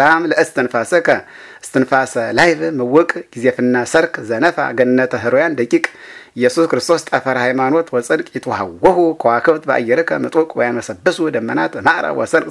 ላም ለእስትንፋሰከ እስትንፋሰ ላይብ ምውቅ ጊዜፍና ሰርክ ዘነፋ ገነተ ህሮያን ደቂቅ ኢየሱስ ክርስቶስ ጠፈረ ሃይማኖት ወጽድቅ ይትሃወሁ ከዋክብት በአየርከ ምጡቅ ወያንበሰብሱ ደመናት ማዕረ ወሰንቅ